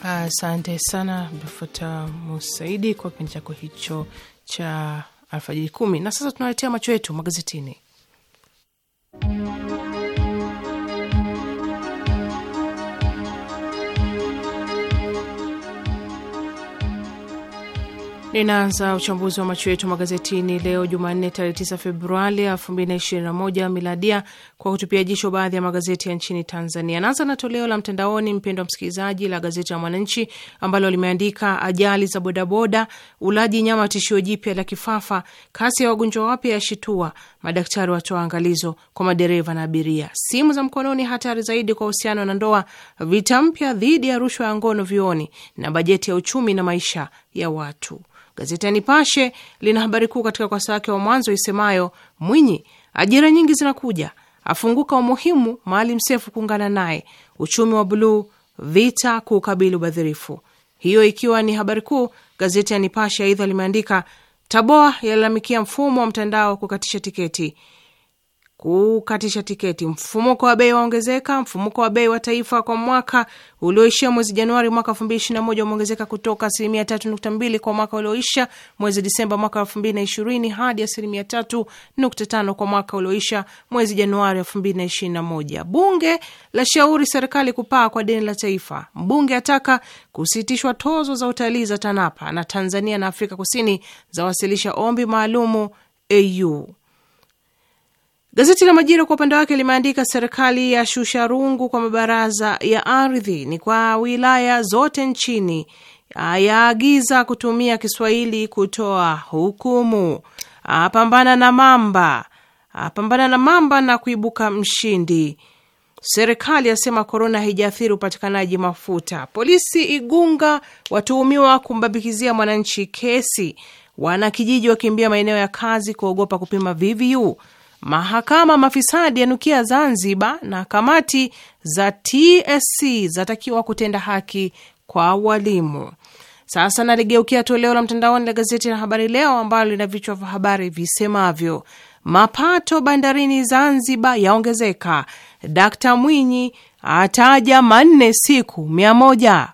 Asante sana Abdulfatah Musaidi kwa kipindi chako hicho cha alfajiri kumi. Na sasa tunaletea macho yetu magazetini. Ninaanza uchambuzi wa macho yetu magazetini leo Jumanne tarehe 9 Februari 2021 miladia kwa kutupia jicho baadhi ya magazeti ya nchini Tanzania. Naanza na toleo la mtandaoni, mpendwa msikilizaji, la gazeti la Mwananchi ambalo limeandika ajali za bodaboda, ulaji nyama tishio jipya la kifafa, kasi ya wagonjwa wapya yashitua, madaktari watoa angalizo kwa madereva na abiria, simu za mkononi hatari zaidi kwa uhusiano na ndoa, vita mpya dhidi ya rushwa ya ngono vioni, na bajeti ya uchumi na maisha ya watu. Gazeti ya Nipashe lina habari kuu katika ukurasa wake wa mwanzo isemayo, Mwinyi, ajira nyingi zinakuja, afunguka umuhimu Maalim Sefu kuungana naye, uchumi wa bluu, vita kuukabili ubadhirifu. Hiyo ikiwa ni habari kuu. Gazeti ya Nipashe aidha limeandika, Taboa yalalamikia mfumo wa mtandao kukatisha tiketi kukatisha tiketi. Mfumuko wa bei waongezeka. Mfumuko wa bei wa taifa kwa mwaka ulioishia mwezi Januari mwaka moja umeongezeka kutoka asilimia 3.2 kwa mwaka ulioisha mwezi Disemba mwaka ishirini hadi asilimia 3.5 kwa mwaka ulioisha mwezi Januari moja. Bunge la shauri serikali kupaa kwa deni la taifa. Mbunge ataka kusitishwa tozo za utalii za TANAPA na Tanzania na Afrika Kusini zawasilisha ombi maalumu AU Gazeti la Majira kwa upande wake limeandika serikali ya shusha rungu kwa mabaraza ya ardhi ni kwa wilaya zote nchini, yaagiza kutumia Kiswahili kutoa hukumu, apambana na mamba, apambana na mamba na kuibuka mshindi. Serikali yasema korona haijaathiri upatikanaji mafuta. Polisi Igunga watuhumiwa kumbambikizia mwananchi kesi. Wanakijiji wakimbia maeneo ya kazi kuogopa kupima VVU. Mahakama mafisadi yanukia Zanzibar na kamati za TSC zatakiwa kutenda haki kwa walimu. Sasa naligeukia toleo la mtandaoni la gazeti la Habari Leo ambalo lina vichwa vya habari visemavyo: mapato bandarini Zanzibar yaongezeka, Dkt Mwinyi ataja manne siku mia moja,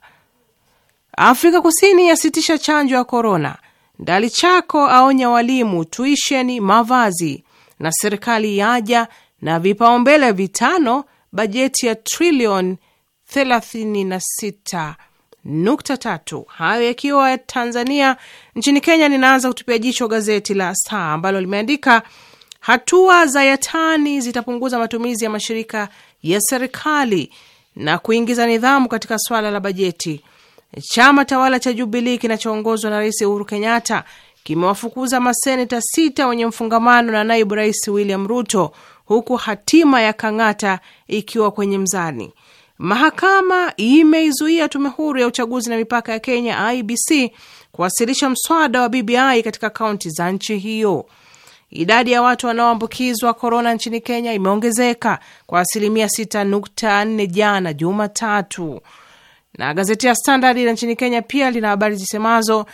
Afrika Kusini yasitisha chanjo ya korona, Ndalichako aonya walimu tuisheni, mavazi na serikali yaja na vipaumbele vitano, bajeti ya trilioni 36.3. Hayo yakiwa ya Tanzania. Nchini Kenya, ninaanza kutupia jicho gazeti la Star ambalo limeandika hatua za Yatani zitapunguza matumizi ya mashirika ya serikali na kuingiza nidhamu katika swala la bajeti. Chama tawala cha Jubilii kinachoongozwa na Rais Uhuru Kenyatta kimewafukuza maseneta sita wenye mfungamano na naibu rais William Ruto, huku hatima ya Kang'ata ikiwa kwenye mzani. Mahakama imeizuia tume huru ya uchaguzi na mipaka ya Kenya, IBC, kuwasilisha mswada wa BBI katika kaunti za nchi hiyo. Idadi ya watu wanaoambukizwa korona nchini Kenya imeongezeka kwa asilimia 6.4 jana Jumatatu. Na gazeti ya Standard la nchini Kenya pia lina habari zisemazo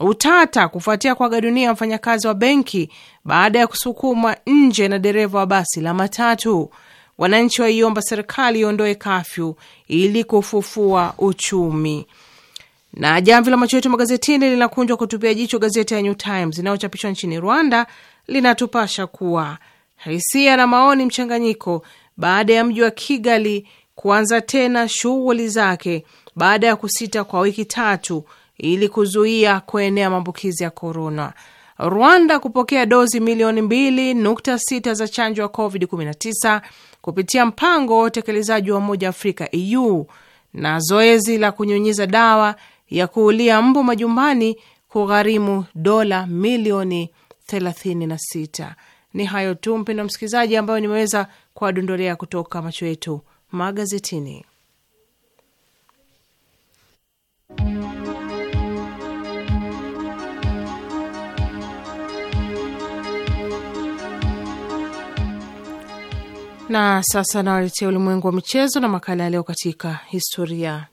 utata kufuatia kuaga dunia mfanyakazi wa benki baada ya kusukumwa nje na dereva wa basi la matatu. Wananchi waiomba serikali iondoe kafyu ili kufufua uchumi. Na jamvi la macho yetu magazetini linakunjwa kutupia jicho gazeti ya New Times inayochapishwa nchini Rwanda. Linatupasha kuwa hisia na maoni mchanganyiko baada ya mji wa Kigali kuanza tena shughuli zake baada ya kusita kwa wiki tatu ili kuzuia kuenea maambukizi ya korona. Rwanda kupokea dozi milioni 2.6 za chanjo ya COVID-19 kupitia mpango wa utekelezaji wa Umoja Afrika EU na zoezi la kunyunyiza dawa ya kuulia mbu majumbani kugharimu dola milioni 36. Ni hayo tu mpendwa msikilizaji, ambayo nimeweza kuwadondolea kutoka macho yetu magazetini. Na sasa nawaletea ulimwengu wa michezo na makala ya leo katika historia.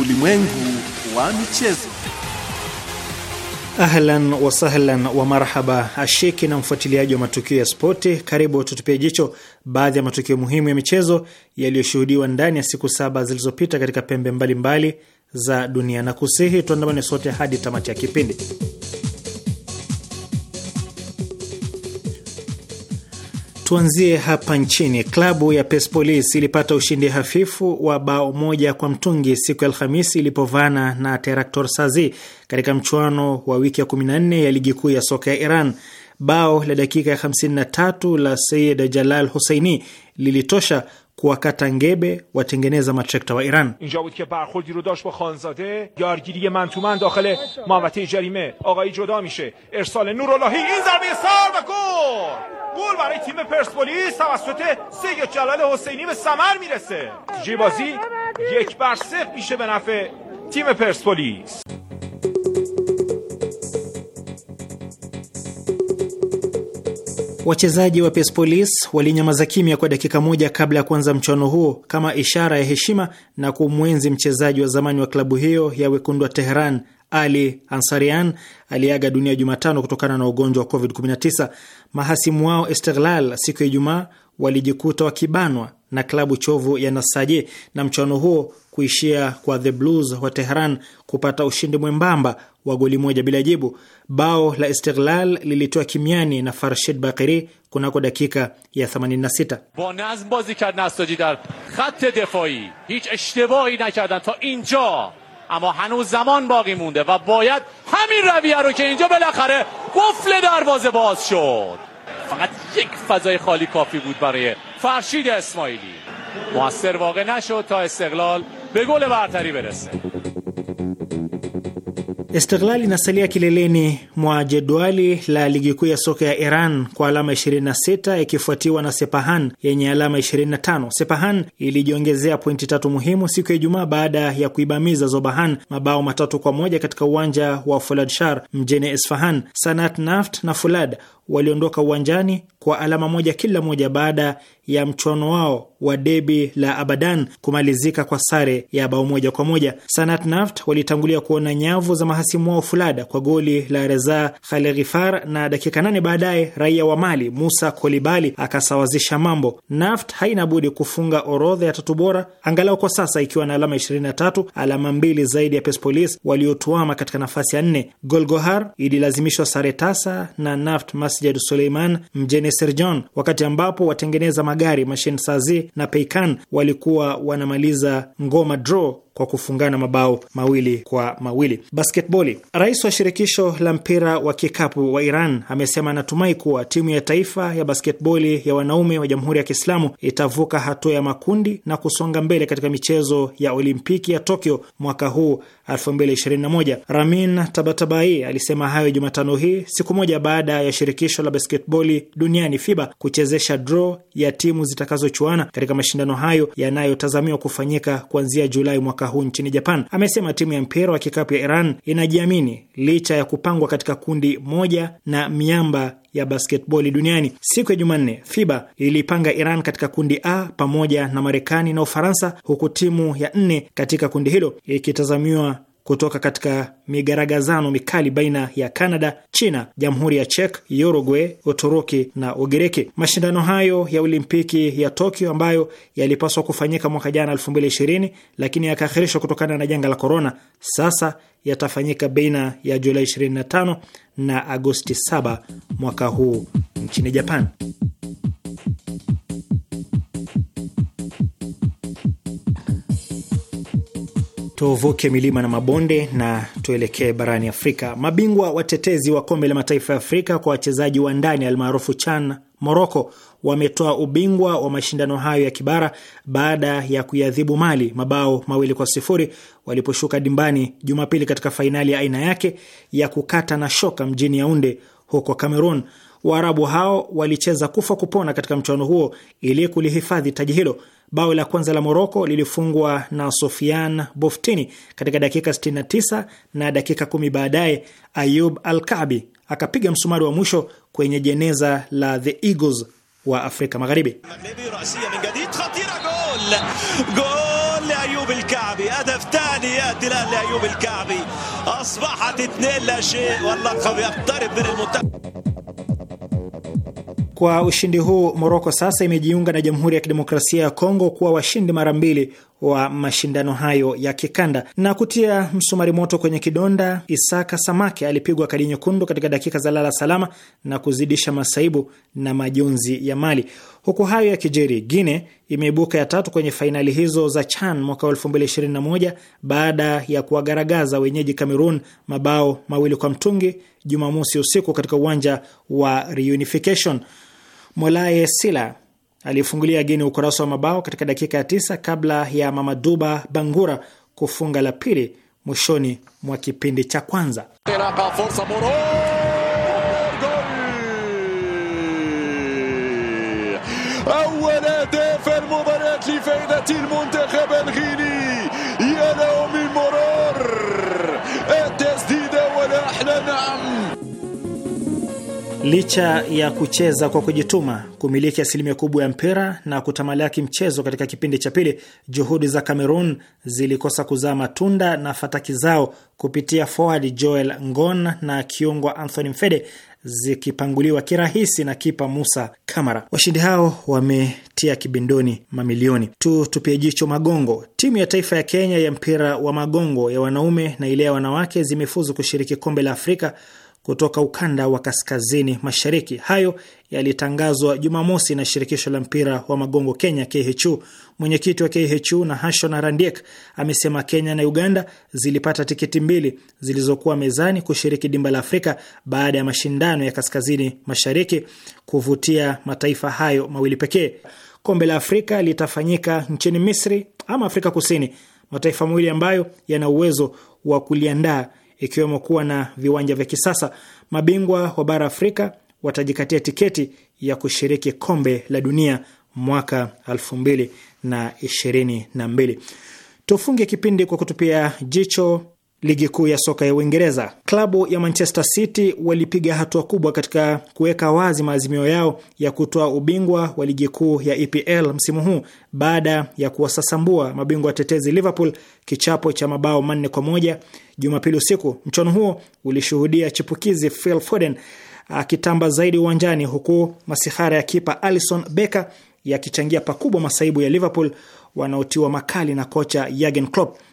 Ulimwengu wa michezo. Ahlan wasahlan wa marhaba, ashiki na mfuatiliaji wa matukio ya spoti, karibu tutupia jicho baadhi ya matukio muhimu ya michezo yaliyoshuhudiwa ndani ya siku saba zilizopita katika pembe mbalimbali mbali za dunia, na kusihi tuandamane sote hadi tamati ya kipindi. Tuanzie hapa nchini. Klabu ya Persepolis ilipata ushindi hafifu wa bao moja kwa mtungi siku ya Alhamisi ilipovana na Teraktor Sazi katika mchuano wa wiki ya 14 ya ligi kuu ya soka ya Iran. باو la dakika ya 53 la Sayyid Jalal Husaini lilitosha و ngebe watengeneza و ایران Iran. اینجا بود که برخوردی رو داشت با خانزاده یارگیری من داخل محوطه جریمه آقای جدا میشه ارسال نوراللهی این ضربه سر و گل گل برای تیم پرسپولیس توسط سید جلال حسینی به ثمر میرسه بازی یک بر صفر میشه به نفع تیم پرسپولیس Wachezaji wa Persepolis walinyamaza kimya kwa dakika moja kabla ya kuanza mchuano huo kama ishara ya heshima na kumwenzi mchezaji wa zamani wa klabu hiyo ya wekundu wa Teheran ali Ansarian aliyeaga dunia Jumatano kutokana na ugonjwa wa COVID-19. Mahasimu wao Esteghlal siku ya Ijumaa walijikuta wakibanwa na klabu chovu ya Nasaje na mchuano huo kuishia kwa the Blues wa Tehran kupata ushindi mwembamba گلی مجه بلجه بود با اوله استقلاللیلی تو که مینی نفرشید بقیهکن و د ک یه ثمنی نسی با نظم بازی کرد نستاجی در خط دفاعی هیچ اشتباهی نکردن تا اینجا اما هنوز زمان باقی مونده و باید همین رویه رو که اینجا بالاخره قفل دروازه باز شد فقط یک فضای خالی کافی بود برای فررشید اسماعیلی باثر واقع نشد تا استقلال به گل برتری برسه Istiklal inasalia kileleni mwa jedwali la ligi kuu ya soka ya Iran kwa alama 26 ikifuatiwa na Sepahan yenye alama 25. Sepahan ilijiongezea pointi tatu muhimu siku ya Ijumaa baada ya kuibamiza Zobahan mabao matatu kwa moja katika uwanja wa Fuladshar mjini Esfahan. Sanat Naft na Fulad waliondoka uwanjani kwa alama moja kila moja baada ya mchuano wao wa debi la Abadan kumalizika kwa sare ya bao moja kwa moja. Sanat Naft walitangulia kuona nyavu za mahasimu wao Fulada kwa goli la Reza Khaleghifar, na dakika nane baadaye raia wa Mali Musa Kolibali akasawazisha mambo. Naft haina budi kufunga orodha ya tatu bora angalau kwa sasa, ikiwa na alama 23, alama mbili zaidi ya Persepolis waliotuama katika nafasi ya nne. Golgohar ililazimishwa sare tasa na Naft Mas Masjid Suleiman mjini Sirjan, wakati ambapo watengeneza magari Mashin Sazi na Peikan walikuwa wanamaliza ngoma draw kwa kufungana mabao mawili kwa mawili. Basketboli. Rais wa shirikisho la mpira wa kikapu wa Iran amesema anatumai kuwa timu ya taifa ya basketboli ya wanaume wa Jamhuri ya Kiislamu itavuka hatua ya makundi na kusonga mbele katika michezo ya Olimpiki ya Tokyo mwaka huu 2021. Ramin Tabatabai alisema hayo Jumatano hii siku moja baada ya shirikisho shirikisho la basketboli duniani FIBA kuchezesha draw ya timu zitakazochuana katika mashindano hayo yanayotazamiwa kufanyika kuanzia Julai mwaka huu nchini Japan. Amesema timu ya mpira wa kikapu ya Iran inajiamini licha ya kupangwa katika kundi moja na miamba ya basketboli duniani. Siku ya Jumanne, FIBA ilipanga Iran katika kundi A pamoja na Marekani na Ufaransa, huku timu ya nne katika kundi hilo ikitazamiwa kutoka katika migaragazano mikali baina ya Canada, China, Jamhuri ya Czech, Uruguay, Uturuki na Ugiriki. Mashindano hayo ya Olimpiki ya Tokyo ambayo yalipaswa kufanyika mwaka jana 2020 lakini yakaahirishwa kutokana na janga la korona, sasa yatafanyika baina ya Julai 25 na Agosti 7 mwaka huu nchini Japan. tuvuke milima na mabonde na tuelekee barani Afrika. Mabingwa watetezi wa kombe la mataifa ya Afrika kwa wachezaji wa ndani almaarufu CHAN Moroko wametoa ubingwa wa mashindano hayo ya kibara baada ya kuiadhibu Mali mabao mawili kwa sifuri waliposhuka dimbani Jumapili katika fainali ya aina yake ya kukata na shoka mjini Yaunde huko Cameroon. Waarabu hao walicheza kufa kupona katika mchuano huo ili kulihifadhi taji hilo. Bao la kwanza la Moroko lilifungwa na Sofian Boftini katika dakika 69 na dakika kumi baadaye Ayub Al-Kabi akapiga msumari wa mwisho kwenye jeneza la the Eagles wa Afrika Magharibi. Kwa ushindi huu, Moroko sasa imejiunga na Jamhuri ya Kidemokrasia ya Kongo kuwa washindi mara mbili wa mashindano hayo ya kikanda. Na kutia msumari moto kwenye kidonda, Isaka Samake alipigwa kadi nyekundu katika dakika za lala salama na kuzidisha masaibu na majonzi ya Mali. Huku hayo ya kijeri, Guine imeibuka ya tatu kwenye fainali hizo za CHAN mwaka 2021 baada ya kuwagaragaza wenyeji Cameroon mabao mawili kwa mtungi Jumamosi usiku katika uwanja wa Reunification. Molaye Sila alifungulia Gini ukurasa wa mabao katika dakika ya tisa kabla ya Mamaduba Bangura kufunga la pili mwishoni mwa kipindi cha kwanza. Licha ya kucheza kwa kujituma, kumiliki asilimia kubwa ya mpira na kutamalaki mchezo katika kipindi cha pili, juhudi za Cameroon zilikosa kuzaa matunda na fataki zao kupitia forward Joel Ngon na kiungwa Anthony Mfede zikipanguliwa kirahisi na kipa Musa Kamara. Washindi hao wametia kibindoni mamilioni tu. tupie jicho magongo. Timu ya taifa ya Kenya ya mpira wa magongo ya wanaume na ile ya wanawake zimefuzu kushiriki kombe la Afrika kutoka ukanda wa kaskazini mashariki. Hayo yalitangazwa Jumamosi na shirikisho la mpira wa magongo Kenya, KHU. Mwenyekiti wa KHU na Hashona Randiek amesema Kenya na Uganda zilipata tiketi mbili zilizokuwa mezani kushiriki dimba la Afrika baada ya mashindano ya kaskazini mashariki kuvutia mataifa hayo mawili pekee. Kombe la Afrika litafanyika nchini Misri ama Afrika Kusini, mataifa mawili ambayo yana uwezo wa kuliandaa ikiwemo kuwa na viwanja vya kisasa. Mabingwa wa bara Afrika watajikatia tiketi ya kushiriki kombe la dunia mwaka 2022. Tufunge kipindi kwa kutupia jicho ligi kuu ya soka ya Uingereza. Klabu ya Manchester City walipiga hatua kubwa katika kuweka wazi maazimio yao ya kutoa ubingwa wa ligi kuu ya EPL msimu huu baada ya kuwasasambua mabingwa watetezi Liverpool kichapo cha mabao manne kwa moja Jumapili usiku. Mchuano huo ulishuhudia chipukizi Phil Foden akitamba zaidi uwanjani, huku masihara ya kipa Alison Becker yakichangia pakubwa masaibu ya Liverpool wanaotiwa makali na kocha Jurgen Klopp.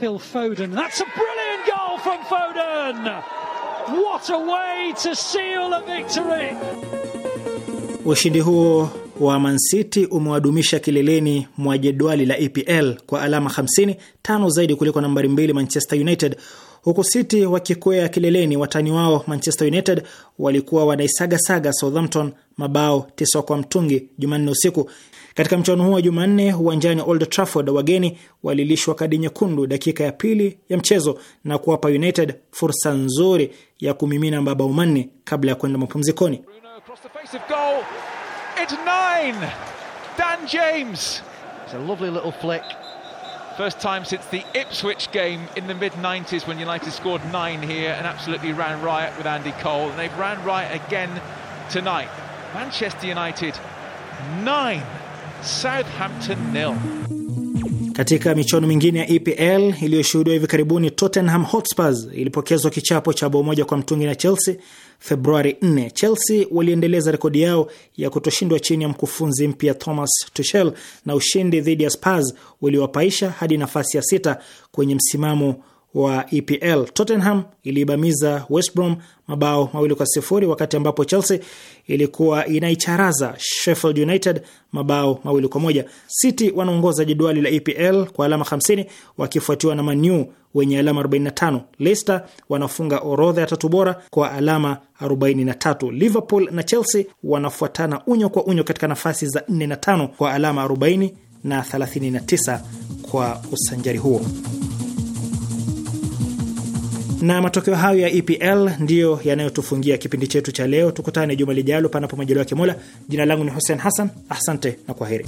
Phil Foden. That's a brilliant goal from Foden! What a way to seal a victory! Ushindi huo wa Man City umewadumisha kileleni mwa jedwali la EPL kwa alama 50, tano zaidi kuliko nambari mbili Manchester United huku City wakikwea kileleni, watani wao Manchester United walikuwa wanaisagasaga Southampton mabao tisa kwa mtungi Jumanne usiku. Katika mchuano huo wa Jumanne uwanjani Old Trafford, wageni walilishwa kadi nyekundu dakika ya pili ya mchezo na kuwapa United fursa nzuri ya kumimina mabao manne kabla ya kwenda mapumzikoni. It's a lovely little flick. First time since the Ipswich game in the mid 90s when United scored nine here and absolutely ran riot with Andy Cole. And they've ran riot again tonight. Manchester United nine, Southampton nil. Katika michuano mingine ya EPL iliyoshuhudiwa hivi karibuni, Tottenham Hotspurs ilipokezwa kichapo cha bao moja kwa mtungi na Chelsea Februari 4. Chelsea waliendeleza rekodi yao ya kutoshindwa chini ya mkufunzi mpya Thomas Tuchel, na ushindi dhidi ya Spurs uliwapaisha hadi nafasi ya sita kwenye msimamo wa EPL. Tottenham iliibamiza West Brom mabao mawili kwa sifuri wakati ambapo Chelsea ilikuwa inaicharaza Sheffield United mabao mawili kwa moja. City wanaongoza jedwali la EPL kwa alama 50 wakifuatiwa na Manu wenye alama 45. Leicester wanafunga orodha ya tatu bora kwa alama 43. Liverpool na Chelsea wanafuatana unyo kwa unyo katika nafasi za 4 na 5 kwa alama 40 na 39 kwa usanjari huo. Na matokeo hayo ya EPL ndiyo yanayotufungia kipindi chetu cha leo. Tukutane juma lijalo, panapo majaliwa ya Mola. Jina langu ni Hussein Hassan, asante na kwaheri.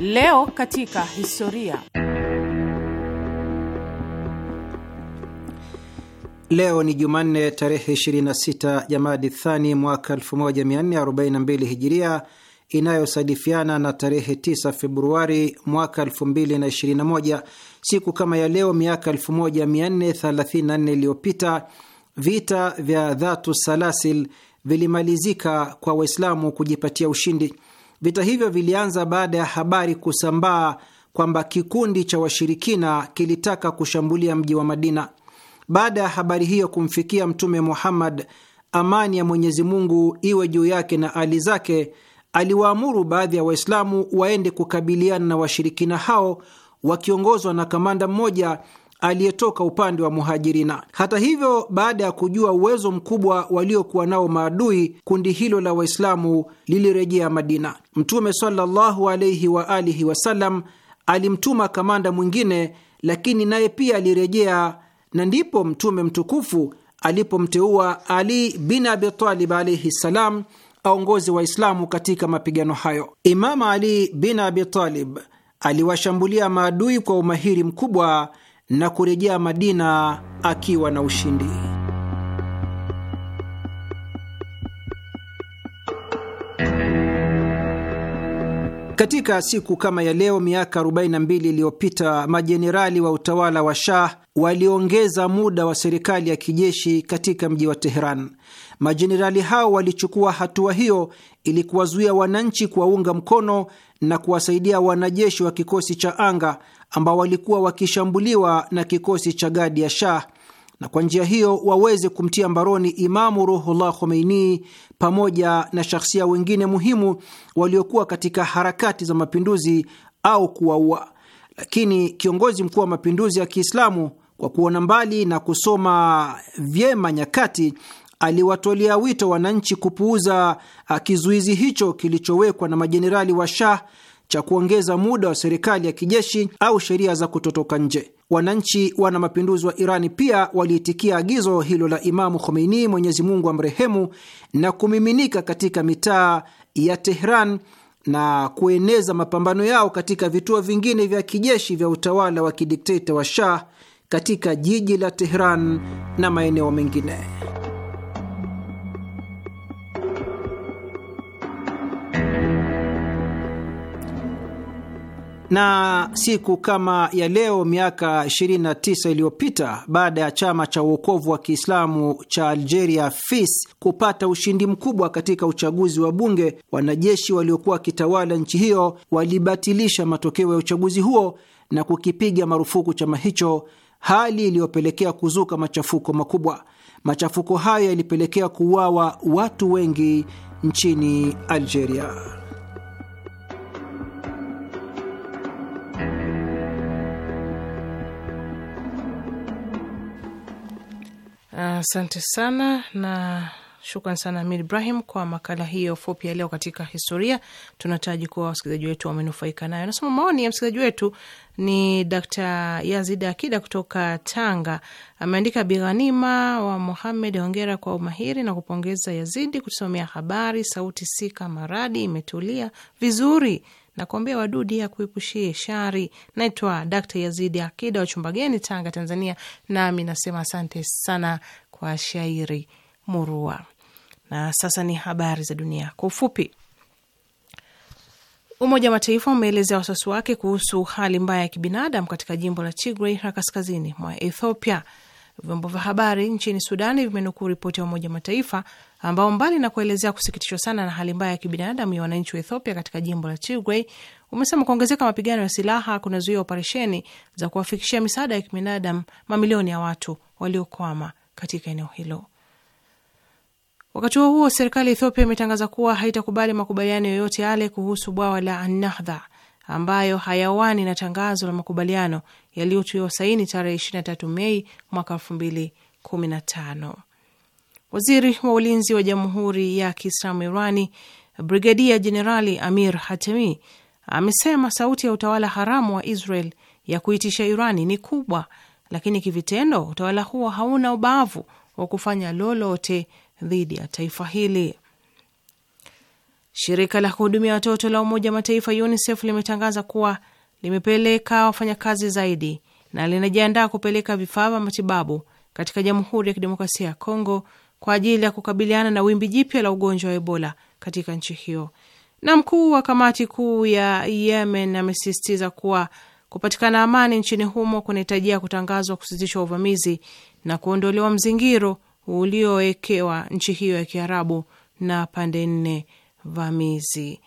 Leo katika historia Leo ni Jumanne tarehe 26 Jamadi Thani mwaka 1442 Hijiria, inayosadifiana na tarehe 9 Februari mwaka 2021. Siku kama ya leo miaka 1434 iliyopita vita vya Dhatu Salasil vilimalizika kwa Waislamu kujipatia ushindi. Vita hivyo vilianza baada ya habari kusambaa kwamba kikundi cha washirikina kilitaka kushambulia mji wa Madina. Baada ya habari hiyo kumfikia Mtume Muhammad, amani ya Mwenyezi Mungu iwe juu yake na ali zake, aliwaamuru baadhi ya Waislamu waende kukabiliana na washirikina hao wakiongozwa na kamanda mmoja aliyetoka upande wa Muhajirina. Hata hivyo, baada ya kujua uwezo mkubwa waliokuwa nao maadui, kundi hilo la Waislamu lilirejea Madina. Mtume sallallahu alaihi wa alihi wasallam alimtuma kamanda mwingine, lakini naye pia alirejea na ndipo Mtume mtukufu alipomteua Ali bin Abi Talib alaihi ssalam aongozi Waislamu katika mapigano hayo. Imamu Ali bin Abi Talib aliwashambulia maadui kwa umahiri mkubwa na kurejea Madina akiwa na ushindi. Katika siku kama ya leo miaka 42 iliyopita majenerali wa utawala wa Shah waliongeza muda wa serikali ya kijeshi katika mji wa Teheran. Majenerali hao walichukua hatua hiyo ili kuwazuia wananchi kuwaunga mkono na kuwasaidia wanajeshi wa kikosi cha anga ambao walikuwa wakishambuliwa na kikosi cha gadi ya Shah na kwa njia hiyo waweze kumtia mbaroni Imamu Ruhullah Khomeini pamoja na shahsia wengine muhimu waliokuwa katika harakati za mapinduzi au kuwaua. Lakini kiongozi mkuu wa mapinduzi ya Kiislamu, kwa kuona mbali na kusoma vyema nyakati, aliwatolea wito wananchi kupuuza ah, kizuizi hicho kilichowekwa na majenerali wa Shah cha kuongeza muda wa serikali ya kijeshi au sheria za kutotoka nje. Wananchi wana mapinduzi wa Irani pia waliitikia agizo hilo la Imamu Khomeini, Mwenyezi Mungu amrehemu, na kumiminika katika mitaa ya Tehran na kueneza mapambano yao katika vituo vingine vya kijeshi vya utawala wa kidikteta wa Shah katika jiji la Tehran na maeneo mengine. na siku kama ya leo miaka 29 iliyopita, baada ya chama cha uokovu wa Kiislamu cha Algeria FIS kupata ushindi mkubwa katika uchaguzi wa bunge, wanajeshi waliokuwa wakitawala nchi hiyo walibatilisha matokeo ya uchaguzi huo na kukipiga marufuku chama hicho, hali iliyopelekea kuzuka machafuko makubwa. Machafuko hayo yalipelekea kuuawa watu wengi nchini Algeria. Asante uh, sana na shukran sana Amir Ibrahim kwa makala hiyo fupi ya leo katika historia. Tunataraji kuwa wasikilizaji wetu wamenufaika nayo. Nasoma maoni ya msikilizaji wetu ni Dakta Yazid Akida kutoka Tanga, ameandika bighanima wa Muhamed, hongera kwa umahiri na kupongeza Yazidi kutusomea habari. Sauti si kama radi, imetulia vizuri na kuombea ya kuepushie shari. Naitwa Dkt. Yazidi Akida wa Chumbageni, Tanga, Tanzania, nami nasema asante sana kwa shairi murua. Na sasa ni habari za dunia kwa ufupi. Umoja wa Mataifa umeelezea wasiwasi wake kuhusu hali mbaya ya kibinadamu katika jimbo la Tigray la kaskazini mwa Ethiopia. Vyombo vya habari nchini Sudani vimenukuu ripoti ya Umoja Mataifa ambao mbali na kuelezea kusikitishwa sana na hali mbaya ya kibinadamu ya wananchi wa Ethiopia katika jimbo la Tigray, umesema kuongezeka mapigano ya silaha kunazuia operesheni za kuwafikishia misaada ya kibinadamu mamilioni ya watu waliokwama katika eneo hilo. Wakati huo huo, serikali ya Ethiopia imetangaza kuwa haitakubali makubaliano yoyote yale kuhusu bwawa la Nahdha ambayo hayawani na tangazo la makubaliano yaliyotiwa saini tarehe 23 Mei mwaka 2015. Waziri wa ulinzi wa Jamhuri ya Kiislamu Irani Brigedia Jenerali Amir Hatemi amesema sauti ya utawala haramu wa Israel ya kuitisha Irani ni kubwa, lakini kivitendo utawala huo hauna ubavu wa kufanya lolote dhidi ya taifa hili. Shirika la kuhudumia watoto la Umoja wa Mataifa UNICEF limetangaza kuwa limepeleka wafanyakazi zaidi na linajiandaa kupeleka vifaa vya matibabu katika Jamhuri ya Kidemokrasia ya Kongo kwa ajili ya kukabiliana na wimbi jipya la ugonjwa wa Ebola katika nchi hiyo. Na mkuu wa kamati kuu ya Yemen amesisitiza kuwa kupatikana amani nchini humo kunahitajia kutangazwa kusitishwa uvamizi na kuondolewa mzingiro uliowekewa nchi hiyo ya Kiarabu na pande nne vamizi.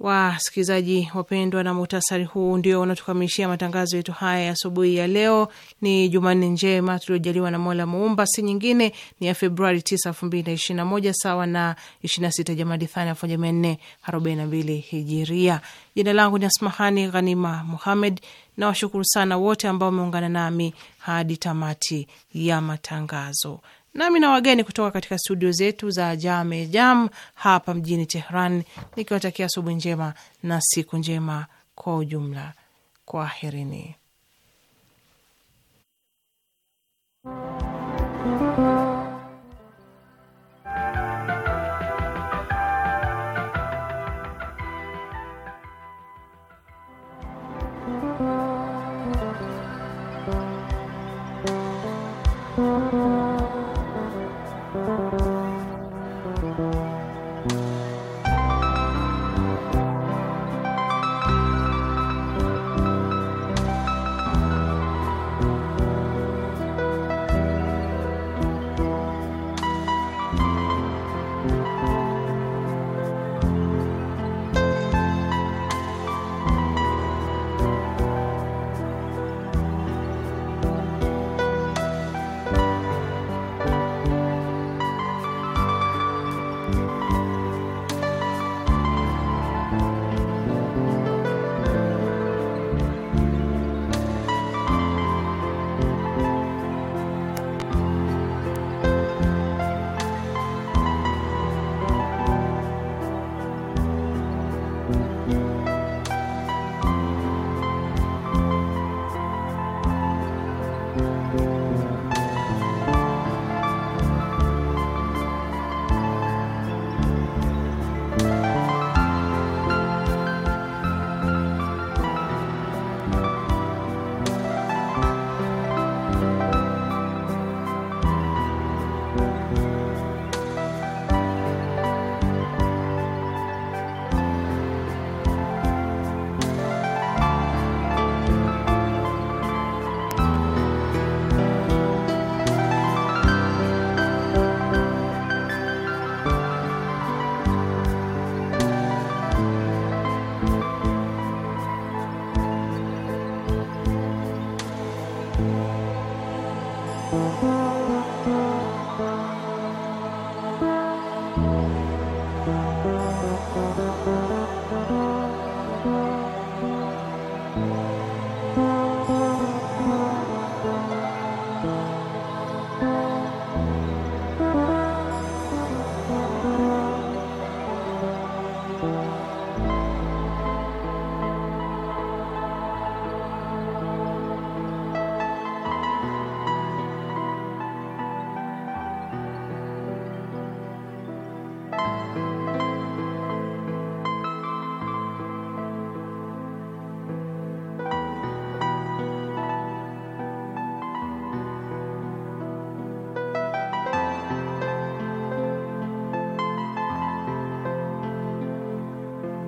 Wasikilizaji wapendwa, na muhtasari huu ndio unatukamilishia matangazo yetu haya asubuhi ya leo. Ni Jumanne njema tuliojaliwa na Mola Muumba, si nyingine ni ya Februari 9, 2021 sawa na 26 Jamadi Thani 1442 Hijiria. Jina langu ni Asmahani Ghanima Muhamed na washukuru sana wote ambao wameungana nami hadi tamati ya matangazo nami na wageni kutoka katika studio zetu za Jame Jam hapa mjini Tehran, nikiwatakia asubuhi njema na siku njema kwa ujumla. Kwaherini.